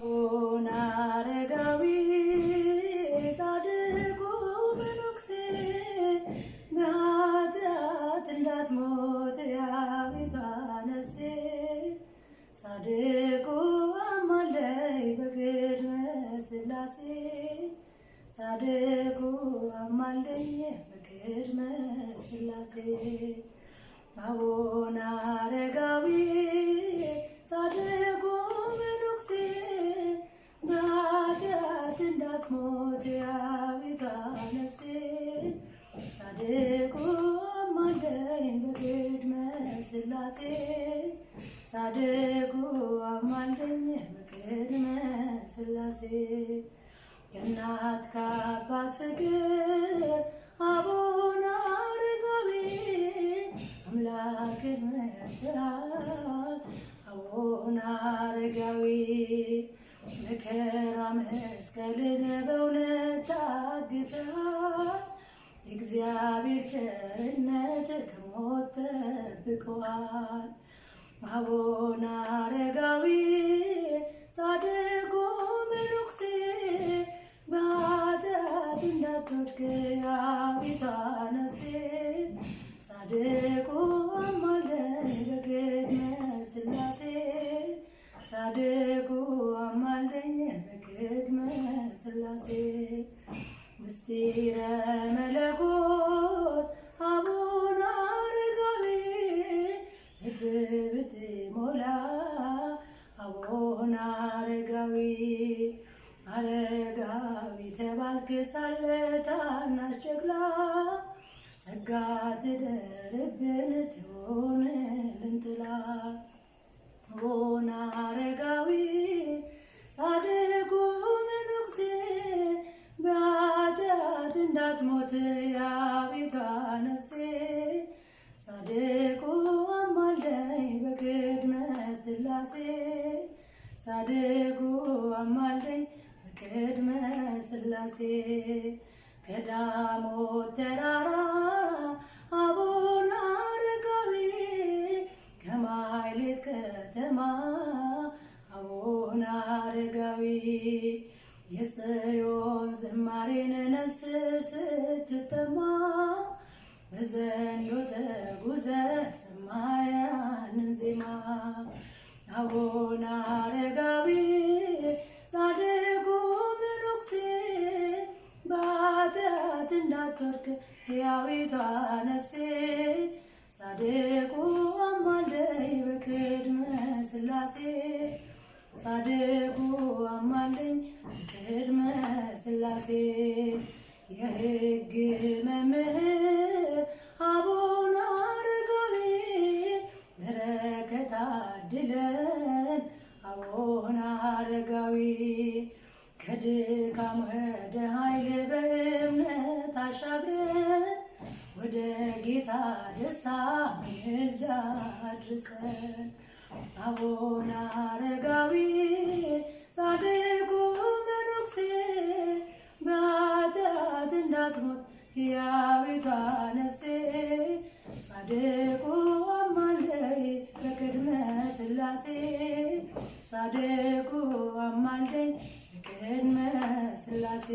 አረጋዊ ጻድቁ መነኩሴ በኃጢአት እንዳትሞት ጻድቁ አማላይ በቅድመ ሥላሴ አቡነ አረጋዊ ጻድቁ እንዳትሞት ያቤቷ ነፍሴ ጻድቁ አማልደኝ በቅድመ ሥላሴ ጻድቁ አማልደኝ በቅድመ ሥላሴ ከእናት ከአባት ፍቅር አቡነ አረጋዊ አምላክን መርተሃል አቡነ አረጋዊ መከራ መስቀልን በእውነት ታግሷል። እግዚአብሔር ቸርነት ከሞት ጠብቋል። አቡነ አረጋዊ ጻድቁ መነኩሴ በኃጢአት እንዳትወድቅ አቤቱ ነፍሴ ጻድቁ አማልደኝ በቅድመ ሥላሴ ጻድቁ አንደኛ በቅድመ ሥላሴ ምስጢረ መለኮት አቡነ አረጋዊ ብብት አቡነ አረጋዊ አረጋዊ ተባልክ ሳለ ታናሽ ጨቅላ ጸጋ ትደርብን ትሆን እንዳትሞት አቤቷ ነፍሴ ጻድቁ አማልደኝ በቅድመ ሥላሴ ጻድቁ አማልደኝ በቅድመ ሥላሴ ከዳሞት ተራራ አቡነ አረጋዊ ከማይሌት ከተማ አቡነ አረጋዊ የጽዮን ዝማሬን ነፍስ ስትጠማ በዘንዶ ተጉዘ ሰማያንን ዜማ አቡነ አረጋዊ ጻድቁ መነኩሴ በኃጢአት እንዳትወድቅ ሕያዊቷ ነፍሴ ጻድቁ አማልደኝ በቅድመ ሥላሴ ጻድቁ አማለኝ ቅድመ ሥላሴ የሕግ መምህር አቡነ አረጋዊ በረከት አድለን አቡነ አረጋዊ ከድካም ወደ ኃይል በእምነት አሻግረን ወደ ጌታ ደስታ ምልጃ አድርሰን አቡነ አረጋዊ ጻድቁ መነኩሴ በኃጢአት እንዳትሞት ሕያዊቷ ነፍሴ ጻድቁ አማልደይ በቅድመ ሥላሴ ጻድቁ አማልደይ በቅድመ ሥላሴ